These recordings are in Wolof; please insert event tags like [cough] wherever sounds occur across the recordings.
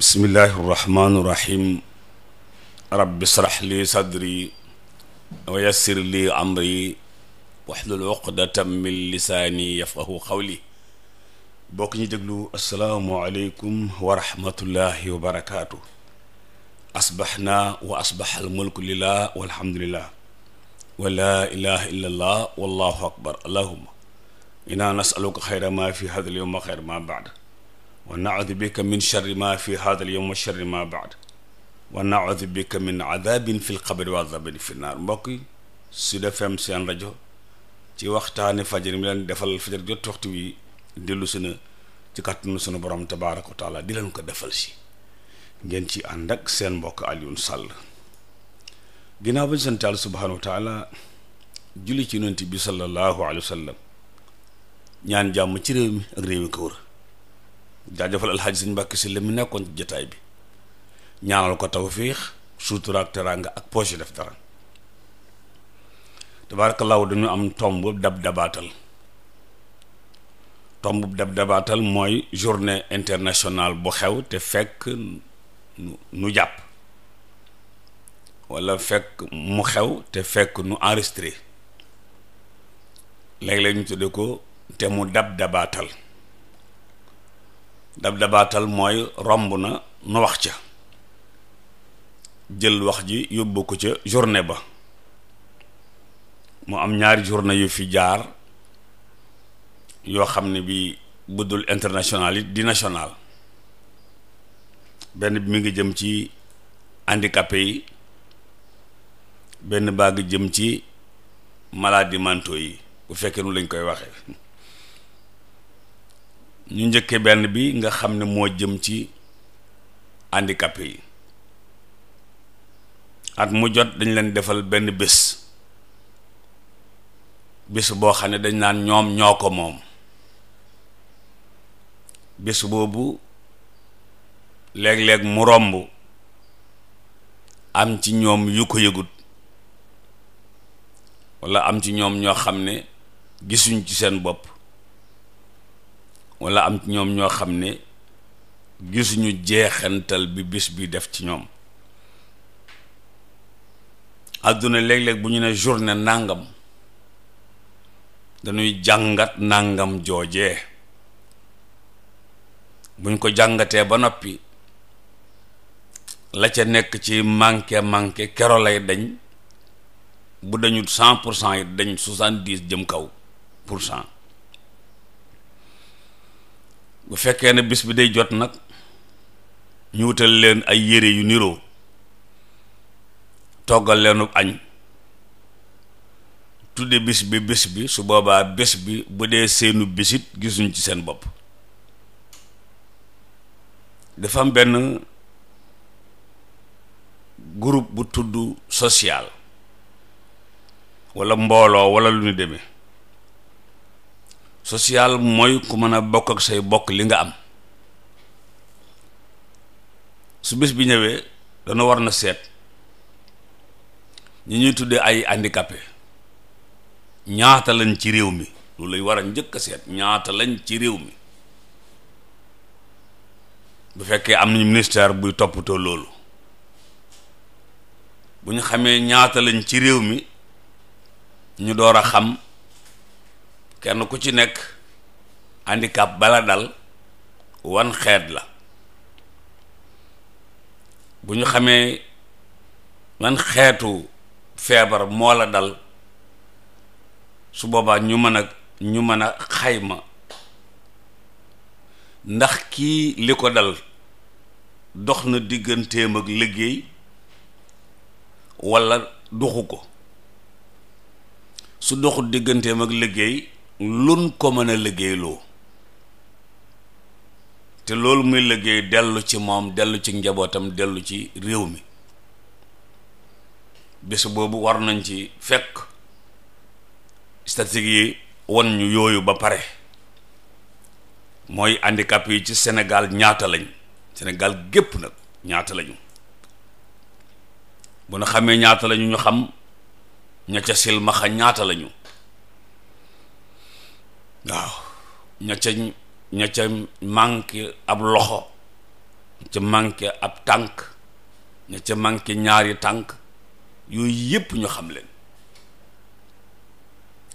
bismillahi irrahmaani irrahim rabbi srah li sadri wa yassir li amri waxlul uqdatam min lisaani yafqahu xawli bokk ñu déglu asalaamualeykum wa rahmatullahi wa barakaatu asbaxna wa asbaxal mulku lillah walhamdulillah wa laa ilaha illa allah wallahu akbar allahuma inaa nasaluka xayra ma fi hada al yowma xayr ma baad wa naudu bika min sharri ma fi hada al yawm wa sharri ma bi wa naudu bika min adabin fi lqabri wa naar mbokk yi Sud FM seen rajo ci waxtaani fajar mi leen defal fajar jot waxtu wi dellu si na ci kàttanu sunu borom tabaaraka wa di leen ko defal si ngeen ci ànd ak seen mbokk Alioune Sall ginnaaw ba ñu sant Yàlla subhaanahu wa julli ci yonent bi sallallahu alayhi wa ñaan jàmm ci réew mi ak réew mi ko wër jaajëfal alxaaji sëñ Mbàkke si li mu nekkoon ci jotaay bi ñaanal ko tawfiix suutura ak teraanga ak poche def dara tabaarakallaahu dañu am tomb dab dabaatal tomb dab dabaatal mooy journée internationale bu xew te fekk nu jàpp walla fekk mu xew te fekk nu enregistré léeg-léeg ñu tudde ko te mu dab dabaatal dab dabaatal mooy romb na nu wax ca jël wax ji yóbbu ko ca journée ba mu am ñaari journée yu fi jaar yoo xam ne bi buddul international it di national benn bi mi ngi jëm ci handicapé yi benn baa ngi jëm ci maladie mentaux yi bu fekkee nu lañ koy waxee ñu njëkke benn bi nga xam ne moo jëm ci handicapé yi at mu jot dañ leen defal benn bés bés boo xam ne dañ naan ñoom ñoo ko moom bés boobu léeg-léeg mu romb am ci ñoom yu ko yëgut walla am ci ñoom ñoo xam ne gisuñ ci seen bopp wala am ñoom ñoo xam ne gisuñu jeexantal bi bis bi def ci ñoom àdduna léeg-léeg bu ñu ne journée nàngam dañuy jàngat nàngam joojee buñ ko jàngatee ba noppi la ca nekk ci manqué manqué kero lay bu deñu cent pour cent yi dañ soixante dix jëm kaw pour cent bu fekkee ne bis bi day jot nag ñu wutal leen ay yére yu niroo toggal leenu añ tudde bis bi bis bi su boobaa bis bi bu dee seenu bisit gisuñ ci seen bopp dafa am benn groupe bu tudd social wala mbooloo wala lu ñu demee social mooy ku mën a bokk ak say bokk li nga am su bis bi ñëwee dana war na seet ñi ñuy tuddee ay handicapé ñaata lañ ci réew mi loolu lay war a njëkk a seet ñaata lañ ci réew mi bu fekkee am nañu ministère buy toppatoo loolu bu ñu xamee ñaata lañ ci réew mi ñu door a xam kenn ku ci nekk handicap bala dal wan xeet la bu ñu xamee wan xeetu feebar moo la dal su boobaa ñu mën a ñu mën a xayma ndax kii li ko dal dox na digganteem ak liggéey walla doxu ko su doxul digganteem ak liggéey lun ko mën a liggéeyloo te loolu muy liggéey dellu ci moom dellu ci njabootam dellu ci réew mi bés boobu war nañ ci fekk statistique yi won yooyu ba pare mooy handicap yi ci Sénégal ñaata lañ Sénégal gépp nag ñaata lañu bu nu xamee ñaata lañu ñu xam ña ca silmaxa ñaata lañu waaw ña ca ña ca manqué ab loxo ña ca manqué ab tànk ña ca manqué ñaari tànk yooyu yépp ñu xam leen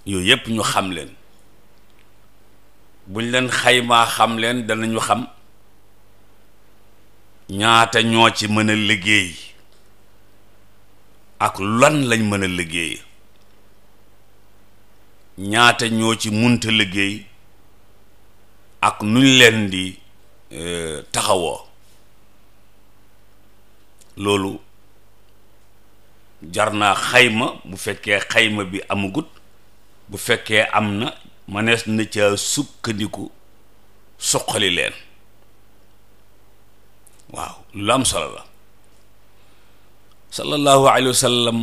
yooyu yépp ñu xam leen buñ leen xaymaa xam leen danañu xam ñaata ñoo ci mën a liggéey ak lan lañ mën a liggéey ñaata ñoo ci munta liggéey ak ñu leen di e, taxawoo loolu jar naa xayma bu fekkee xayma bi amagut bu fekkee am na mënees na ca sukkandiku suqali leen waaw lu am solo la sallallahu alayhi sallam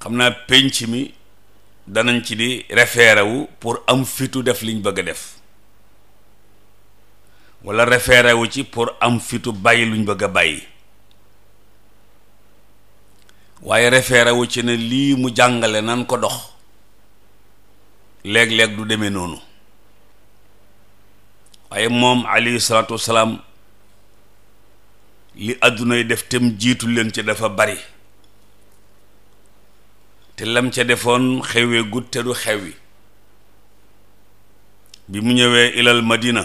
xam naa pénc mi danañ ci di référé wu pour am fitu def liñ bëgg a def wala référé ci pour am fitu bàyyi luñ bëgg a bàyyi waaye référé ci ne lii mu jàngale nan ko dox léeg-léeg du demee noonu waaye moom alayhi salaatu wasalaam li àddunay def tem jiitu leen ci dafa bari te lam ca defoon xewee gutte du xewi bi mu ñëwee ilal madina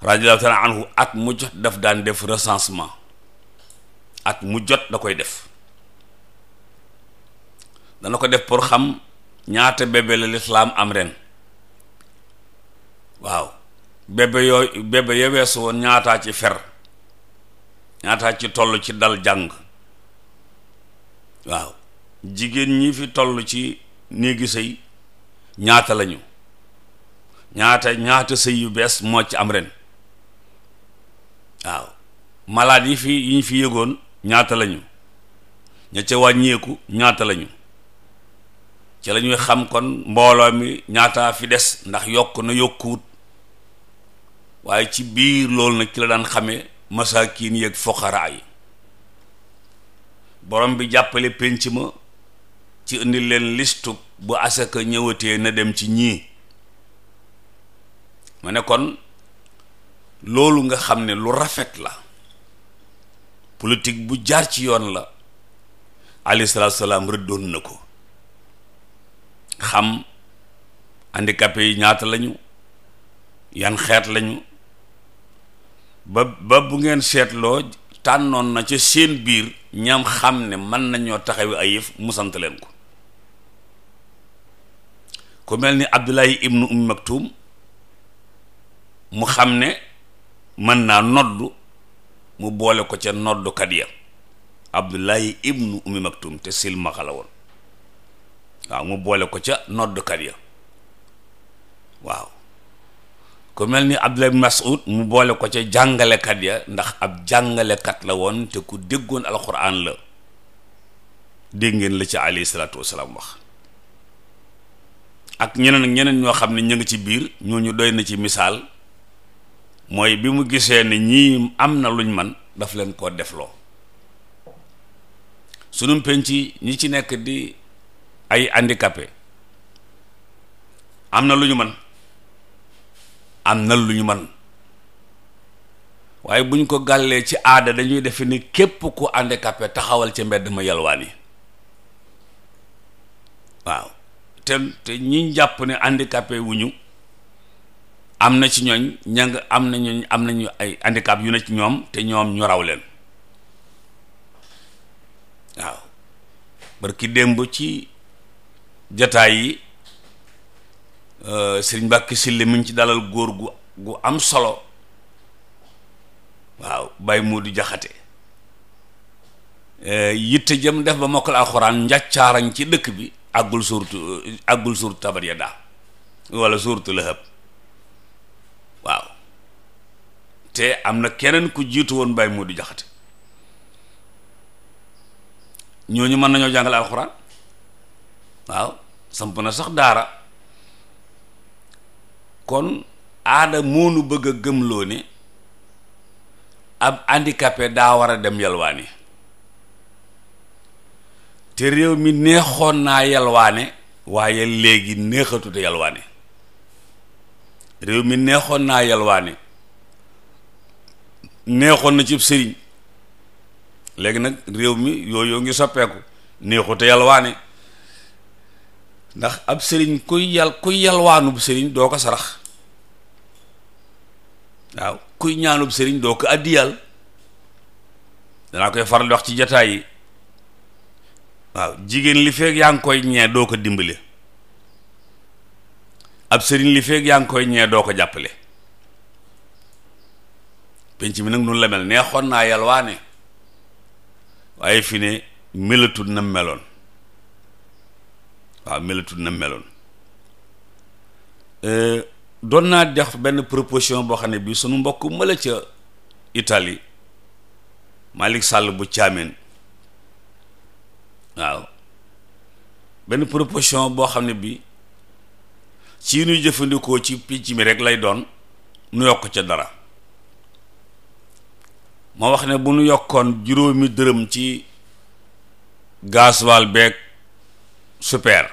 radiyallahu taala at mu jot daf daan def recensement at mu jot da koy def dana ko def pour xam ñaata bébé la lislaam am ren waaw bébé yooyu bébé ya weesu woon ñaataa ci fer ñaata ci toll ci dal jàng waaw jigéen ñi fi toll ci néegi sëy ñaata lañu ñaata ñaata sëy yu bees moo ci am ren waaw malade yi fi yi ñu fi yëgoon ñaata lañu ña ca wàññeeku ñaata lañu ci lañuy xam kon mbooloo mi ñaata fi des ndax yokk na yokkuwut waaye ci biir loolu nag ci la daan xamee masaakiin yeeg foqaraa yi borom bi jàppale pénc ma ci indi leen listu bu asaka ñëwatee na dem ci ñii ma ne kon loolu nga xam ne lu rafet la politik bu jaar ci yoon la alayhi salaatu salaam rëddoon na ko xam handicapé yi ñaata lañu yan xeet lañu ba ba bu ngeen seetloo tànnoon na ci seen biir ñam xam ne mën nañoo taxawi ay yëf musant leen ko ku mel ni Abdullahi ibnu Ummi Maktum mu xam ne mën naa nodd mu boole ko ca noddukat ya Abdullahi ibnu Ummi Maktum te silmaxa la woon waaw mu boole ko ca noddukat ya waaw ku mel ni Abdullahi ibnu Mas'ud mu boole ko ca jàngalekat ya ndax ab jàngalekat la woon te ku déggoon alxuraan la dégg ngeen la ci alayhi salaatu wasalaam wax ak ñeneen ñeneen ñoo xam ne ñu ngi ci biir ñooñu doy na ci misaal mooy bi mu gisee ni ñii am na luñ man daf leen koo defloo sunu ci ñi ci nekk di ay handicapé am na lu ñu man am na luñu ñu man waaye bu ñu ko gàllee ci aada dañuy defe ni képp ku handicapé taxawal ci mbedd ma yalwaan yi waaw te te ñi jàpp ne handicapé wuñu am na ci ñooñ ña am na ñooñ am nañu ay handicap yu ne ci ñoom te ñoom ñu raw leen waaw barki démb ci jataay yi euh, sëriñ Mbàkke Sylla mi ngi ci dalal góor gu gu am solo waaw Baye Modou Jaxate euh, yitte jëm def ba mokkal alxuraan njàccaarañ ci dëkk bi àggul suurtu àggul suurtu tabat ya daa walla suurtu lahab waaw te am na keneen ku jiitu woon Baye du Jaxate ñooñu mën nañoo jàngale alxuraan waaw samp sax daara kon aada moonu bëgg a gëmloo ne ab handicapé daa war a dem yi te réew mi neexoon naa yalwaane waaye léegi neexatut yalwaane réew mi neexoon naa yalwaane neexoon na cib sëriñ léegi nag réew mi yooyu ngi soppeeku neexute yalwaane ndax ab sëriñ kuy yal kuy yalwaanub sëriñ doo ko sarax waaw kuy ñaanub sëriñ doo ko àddiyaal danaa koy faral wax ci jataay waaw jigéen li feeg yaa ngi koy ñee doo ko dimbale ab sëriñ li feeg yaa ngi koy ñee doo ko jàppale penc mi nag noonu la mel neexoon naa yàlla waaye fi ne melatul na meloon waaw na meloon euh, doon naa def benn proposition boo xam ne bii sunu mbokk mëla ca Italie Malick Sall bu Thiamène waaw benn proposition boo xam ne bi ci nuy jëfandikoo ci picc mi rek lay doon nu yokk ca dara ma wax ne bu nu yokkoon juróomi dërëm ci gasoil beek super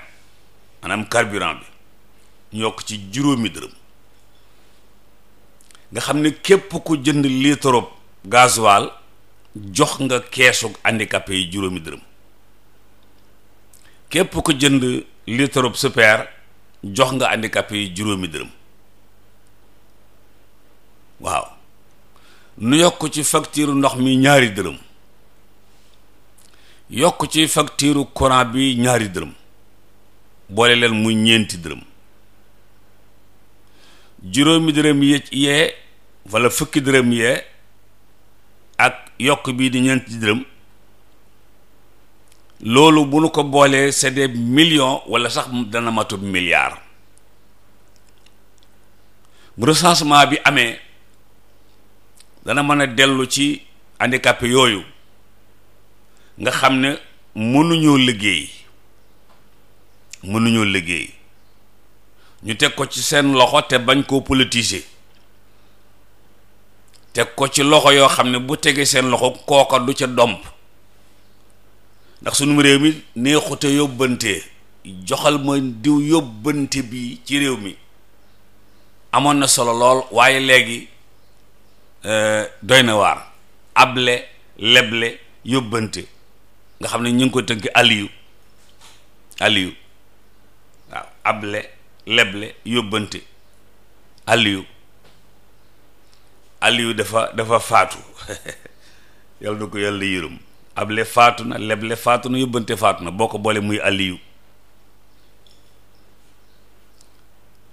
maanaam carburant bi ñu yokk ci juróomi dërëm nga xam ne képp ku jënd litre gasoil jox nga keesu handicapé yi juróomi dërëm képp ku jënd litre super jox nga handicapé yi juróomi dërëm waaw nu yokk ci facture ndox mi ñaari dërëm yokk ci faktiiru courant bi ñaari dërëm boole leen mu ñeenti dërëm juróomi dërëm yee walla fukki dërëm yee ak yokk bii di ñeenti dërëm loolu bu nu ko boolee c'est des millions wala sax dana matub milliard bu recensement bi amee dana mën a dellu ci handicapé yooyu nga xam ne mënuñoo liggéey mënuñoo liggéey ñu teg ko ci seen loxo te bañ koo politiser teg ko ci loxo yoo xam ne bu tegee seen loxo kooka du ca domp ndax sunu réew mi neexute yóbbante joxal ma diw yóbbante bi ci réew mi amoon na solo lool waaye léegi euh, doy na waar able leble yóbbante nga xam ne ñu ngi ko tënk aliyu aliyu waaw able leble yóbbante aliyu aliyu dafa dafa faatu [laughs] yàlla na ko yàlla yërëm able faatu na leble faatu na yóbbante faatu na boo ko boole muy aliyu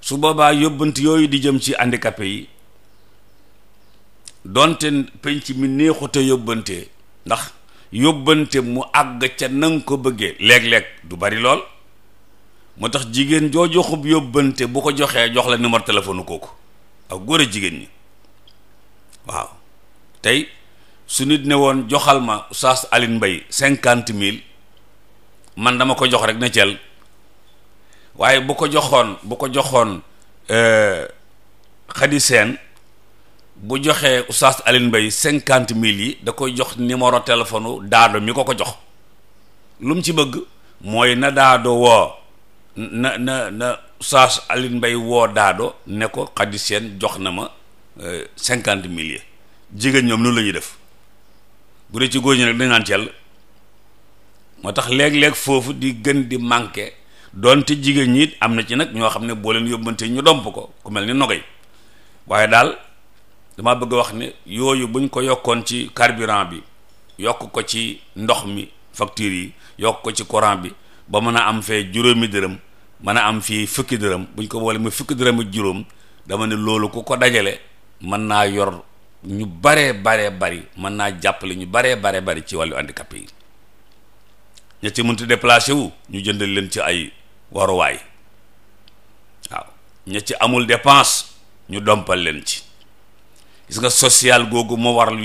su boobaa yóbbante yooyu di jëm ci handicapé yi donte penc mi neexute yóbbante ndax yóbbante mu àgg ca nanga ko bëggee léeg-léeg du bari lool moo tax jigéen joo joxub yóbbante bu ko joxee jox la numéro téléphone ko ak góor a jigéen ñi waaw tey su nit ne woon joxal ma Oustaz Alioune Mbaye cinquante mille man dama ko jox rek ne cel waaye bu ko joxoon bu ko joxoon xadi euh, seen bu joxee Oustaz Alioune Mbaye cinquante mille yi da koy jox numéro téléphone daado mi ko ko jox lu mu ci bëgg mooy na daado woo na na na Oustaz Alioune Mbaye woo daado ne ko xadi seen jox na ma euh, cinquante mille yi jigéen ñoom noonu lañuy def bu dee ci góor ñi nag dañ naan cell moo tax léeg-léeg foofu di gën di manqué doonte jigéen ñi am na ci nag ñoo xam ne boo leen yóbbante ñu domp ko ku mel ni nogay waaye daal dama bëgg wax ne yooyu buñ ko yokkoon ci carburant bi yokk ko ci ndox mi facture yi yokk ko ci courant bi ba mën a am fee juróomi dërëm mën a am fii fukki dërëm buñ ko boole mu fukki dërëm juróom dama ne loolu ku ko dajale mën naa yor ñu baree baree bari mën naa jàppale ñu baree bare bari ci wàllu handicapé yi ña ci mënta déplacé wu ñu jëndal leen ci ay waruwaay waaw ña ci amul dépense ñu dompal leen ci gis nga social googu moo waral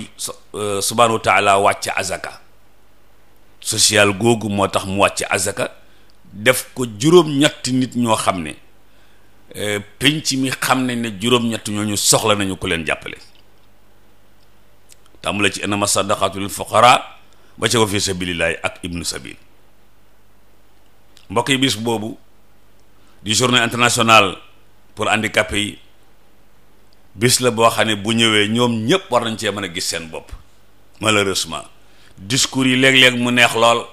euh, subhanahu wa taala azaka social googu moo tax mu wàcc azaka def ko juróom-ñetti nit ñoo xam ne euh, penc mi xam ne ne juróom-ñett ñooñu soxla nañu ko leen jàppale tàmbale ci innama sadaqatu lil fuqara ba ca wa fi ak ibnu sabil mbokk yi bis boobu di journée internationale pour handicapés yi bis la boo xam ne bu ñëwee ñoom ñépp war nañ cee mën a gis seen bopp malheureusement discours yi léeg-léeg mu neex lool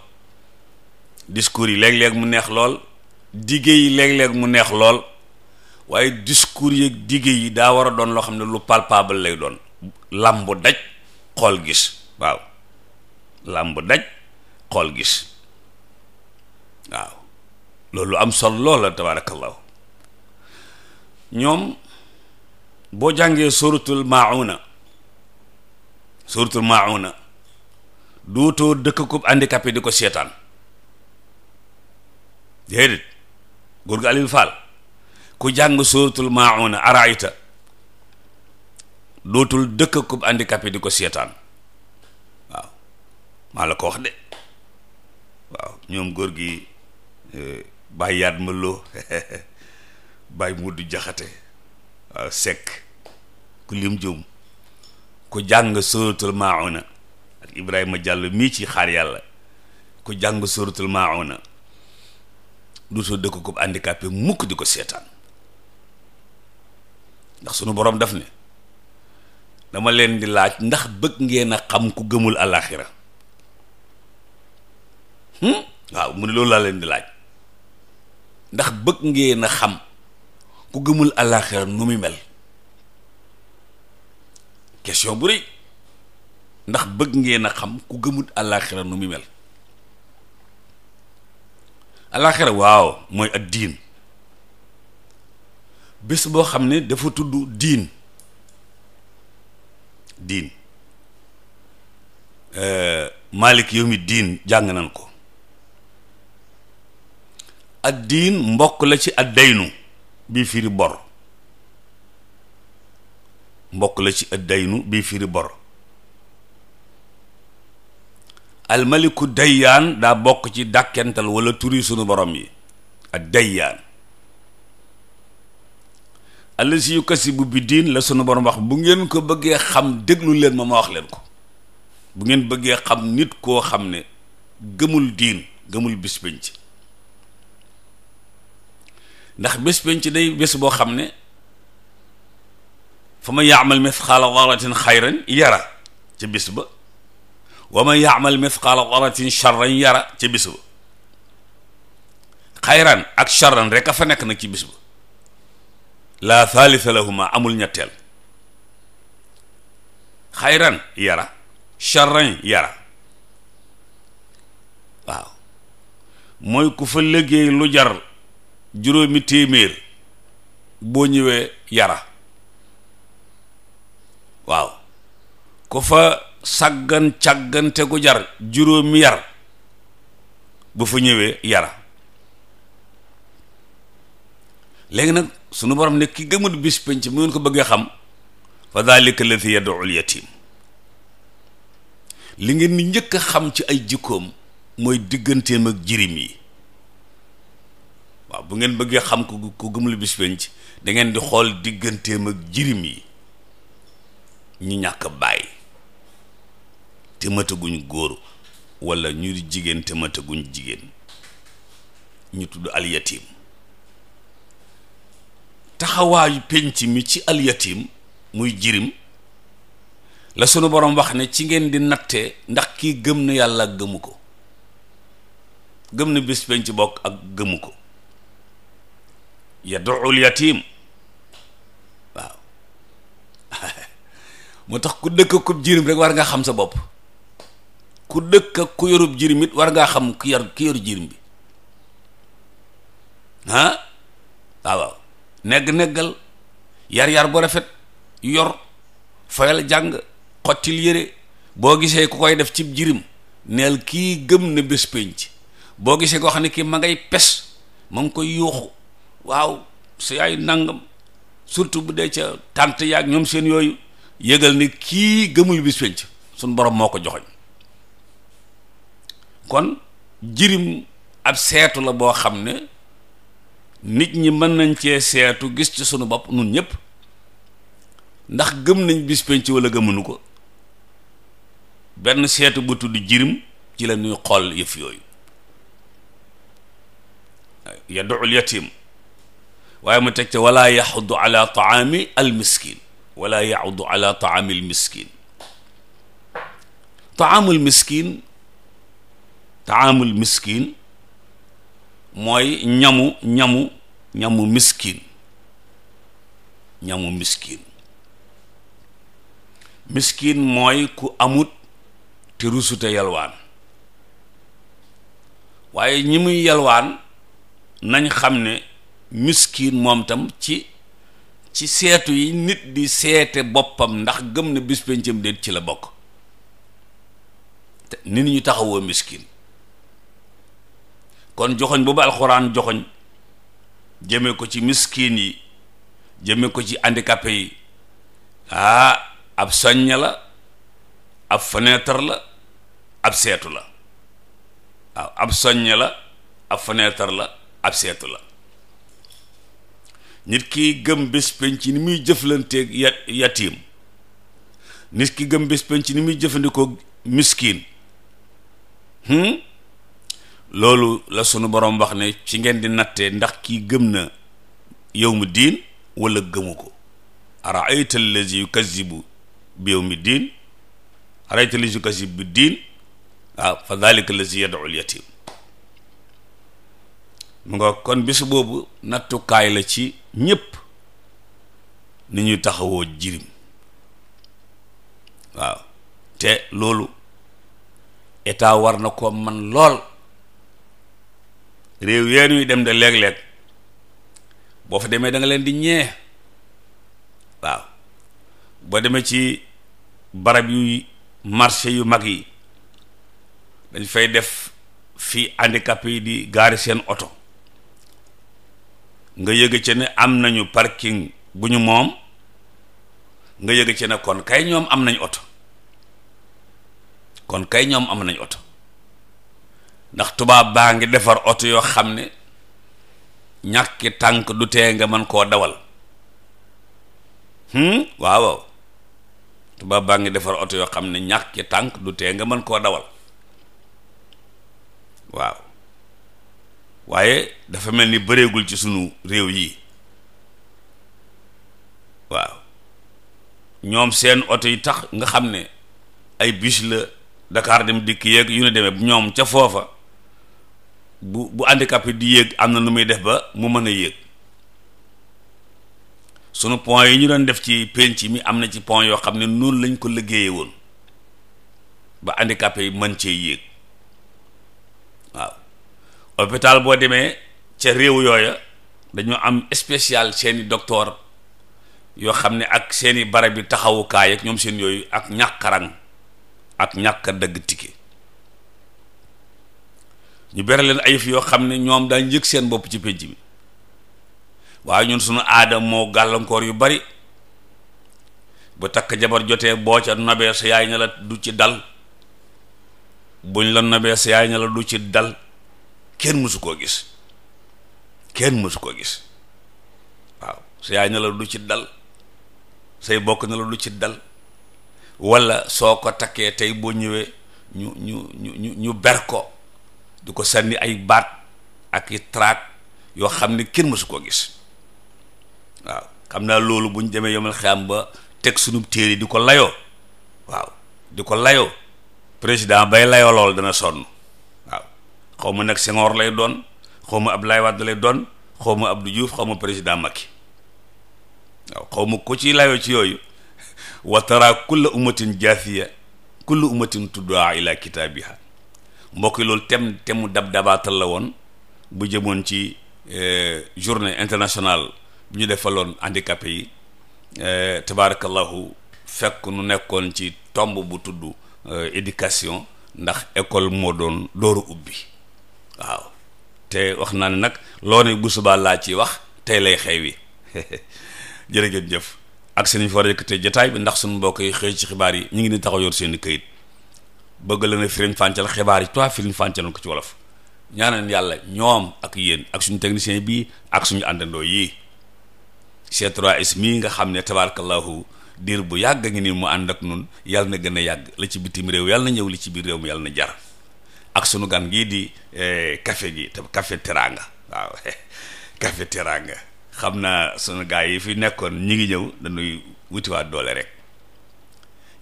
discours yi léeg-léeg mu neex lool dige yi léeg-léeg mu neex lool waaye discours yeeg dige yi daa war a doon loo xam ne lu palpable lay doon làmbu daj xool gis waaw làmb daj xool gis waaw loolu am sol loola tabaarakallaahu ñoom boo jàngee suratul mauna suratul mauna duutoo dëkk ku handicapé di ko seetaan déedéet góor gi Alioune Fall ku jàng suratul mauna araayta dootul dëkk ku handicapé di ko seetaan waaw maa la ko wax de waaw ñoom góor gi eh, bàyyi yaat ma loo bàyyi mu du jaxate waaw sekk ku lim jum ku jàng suratul mauna ak Ibrahima jàll mii ci xaar yàlla ku jàng suratul mauna dootoo dëkk ku handicapé mukk di ko seetaan ndax sunu borom def ne dama leen di laaj ndax bëgg ngeen a xam ku gëmul alaxira hmm? waaw mu leen di laaj ndax bëgg ku gëmul alaxira nu mel question bu ndax bëgg ngeen a xam ku gëmul alaxira nu muy waaw mooy ad diin bés boo xam ne dafa tudd diin diin eh, malik yawmi diin jàng nañ ko ad diin mbokk la ci ad daynu bii firi bor mbokk la ci ad daynu fiir firi bor almaliku dayaan daa bokk ci dàkkental wala turi sunu borom yi ad dayyaan allasi yu kasi bu bi diin la sunu borom wax bu ngeen ko bëggee xam déglu leen ma ma wax leen ko bu ngeen bëggee xam nit koo xam ne gëmul diin gëmul bés penc ndax bés ci day bés boo xam ne fa man yaamal mithqaala daratin xayran yara ca bis ba wa man yaamal mithqaala daratin charran yara ca bis ba xayran ak charran rek a fa nekk nag ci bis ba laa thalitha lahuma amul ñetteel xayran yara charran yara waaw mooy ku fa liggéey lu jar juróomi téeméer boo ñëwee yara waaw ku fa sàggan càggante gu jar juróomi yar bu fa ñëwee yara léegi nag sunu borom ne ki gëmul bis penc mu ngeen ko bëggee xam fa dalika alladi yadul yatim li ngeen di njëkk a xam ci ay jikkoom mooy digganteem ak jirim yi waaw bu ngeen bëggee xam ko ku gëmul bis penc da ngeen di xool digganteem ak jirim yi ñu ñàkk bàyyi te mataguñ góor walla ñu di jigéen te mataguñ jigéen ñu tudd al yatim taxawaayu penc mi ci alyatim muy jirim la sunu borom wax ne ci ngeen di natte ndax kii gëm na yàlla ak gëmu ko gëm na bis penc bokk ak gëmu ko yadul yatim waaw [laughs] moo tax ku dëkk ku jirim rek war nga xam sa bopp ku dëkk ku yorub jirim it war ngaa xam ki yor jirim bi ah waaw negg-neggal yar-yar bu rafet yor fayal jàng xottil yére boo gisee ku koy def cib jirim neel kii gëm na bés pénc boo gisee koo xam ne kii ma ngay pes ma ngi koy yuuxu waaw su yaay nangam surtout bu dee ca tànt yaag ñoom seen yooyu yëgal ne kii gëmul bés pénc suñ borom moo ko joxoñ kon jirim ab seetu la boo xam ne nit ñi mën nañ cee seetu gis ci sunu bopp nun ñëpp ndax gëm nañ bis penc wala gëmunu ko benn seetu bu tudd jirim ci la ñuy xool yëf yooyu yadul yatim waaye mu teg te wala yaxudu ala taami al miskin wala yaxudu ala taami al miskin mooy ñamu ñamu ñamu miskin ñamu miskin miskin mooy ku amut te rusuta yalwaan waaye ñi muy yalwaan nañ xam ne miskin moom tam ci ci seetu yi nit di seete boppam ndax gëm na bis pencam déet ci la bokk nit ñu taxawoo miskin kon joxoñ boobu alxuraan joxoñ jëme ko ci miskin yi jëme ko ci handicapé yi ah ab soñña la ab fenêtre la ab seetu la waaw ab soñña la ab fenêtre la ab seetu la nit ki gëm bés penc ni muy jëflanteeg yatiim nit ki gëm bés penc ni muy jëfandikoo miskin hmm? loolu la sunu borom wax ne ci ngeen di natte ndax kii gëm na yawmu diin walla gëmu ko araayta allazi yukazibu bi yawmi diin araayta allazi yukazibu bi diin waaw ah, fa dalika allazi yad'u al yatim mu nga kon bis boobu nattukaay la ci ñépp ni ñu taxawoo jirim waaw te loolu état war na ko man lool réew yee ñuy dem de léeg-léeg boo fa demee da leen di ñee waaw ba demee ci barab yuy marché yu mag yi dañ fay def fii handicapé yi di gaari seen oto nga yëg ci ne am nañu parking bu ñu moom nga yëg ci ne kon kay ñoom am nañu oto kon kay ñoom am nañ oto ndax tubaab baa ngi defar oto yoo xam ne ñàkki tànk du tee nga mën koo dawal hmm? waaw waaw tubaab baa ngi defar oto yoo xam ne ñàkki tànk du tee nga mën koo dawal waaw waaye dafa mel ni bëreegul ci sunu réew yi waaw ñoom seen oto yi tax nga xam ne ay bus la dakaar dem dikk yeeg yu ne demee ñoom ca foofa bu bu handicapé di yéeg am na nu muy def ba mu mën a yéeg sunu point yi ñu doon def ci penc mi am na ci point yoo xam ne noonu lañ ko liggéeye woon ba handicapé yi mën cee yéeg waaw hôpital boo demee ca réew yooya dañoo am spécial seeni docteur yoo xam ne ak seeni barab bi taxawukaay ak ñoom seen yooyu ak ñàkk ak ñàkk dëgg tike ñu bere leen ayif yoo xam ne ñoom daañ yëg seen bopp ci pénc bi waaye ñun suñu aada moo gàllankoor yu bari bu takk jabar jotee boo ca nobee sa yaay na la du ci dal buñ la nobee yaay na la ci dal kenn mësu koo gis kenn mësu koo gis waaw sa yaay na la du ci dal say bokk na la du ci dal walla soo ko takkee tey boo ñëwee ñu ñu ñu ñu ber ko di ko sànni ay baat ak i traat yoo xam ne kenn mësu koo gis waaw xam naa loolu bu ñu demee yomal xam ba teg sunu téere du ko layoo waaw du ko layoo président bay layoo lool dana sonn waaw xaw ma nag Senghor lay doon xaw ma ab Abdoulaye Wade lay doon xaw ma ab Abdou Diouf xaw ma président Macky waaw xaw ma ko ci layoo ci yooyu wa tara kulla ummatin jaathiya kullu ummatin tuddaa ila kitaabiha mbokk yi loolu tem temu dab dabaatal la woon bu jëmoon ci euh, journée internationale bu ñu defaloon handicapé yi euh, tabaarakallahu fekk nu nekkoon ci tomb bu tudd euh, éducation ndax école moo doon dooru ubbi waaw te wax naa ne nag loo ne bu subaa laa ci wax tey lay xewi [laughs] jërë ngeen jëf ak seen i fa rekk te jotaay bi ndax suñu mbokk yi xëy ci xibaar yi ñu ngi ni taxaw yor seen i këyit bëgg la na firiñ fàncal xibaar yi toi firiñ fàncal ko ci wolof ñaanal yàlla ñoom ak yéen ak suñu technicien bii ak suñu àndandoo yii C3S mii nga xam ne tabaarakallahu diir bu yàgg a ngi ni mu ànd ak nun yàlla na gën a yàgg la ci bitim réew yàlla na ñëw li ci biir réew mi yàlla na jar ak suñu gan gii di eh, café gi te café teranga waaw [laughs] café teranga xam naa sunu gaa yi fi nekkoon ñi ngi ñëw dañuy wutiwaat doole rek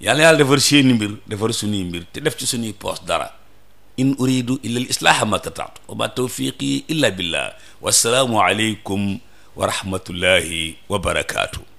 yàlla yàlla defar seeni mbir defar suñuy mbir te def ci suñuy poos dara in uridu illa al islaaha ma tataatu wa ma tawfiqi illa billah wassalaamu aleykum wa rahmatullahi wa barakaatu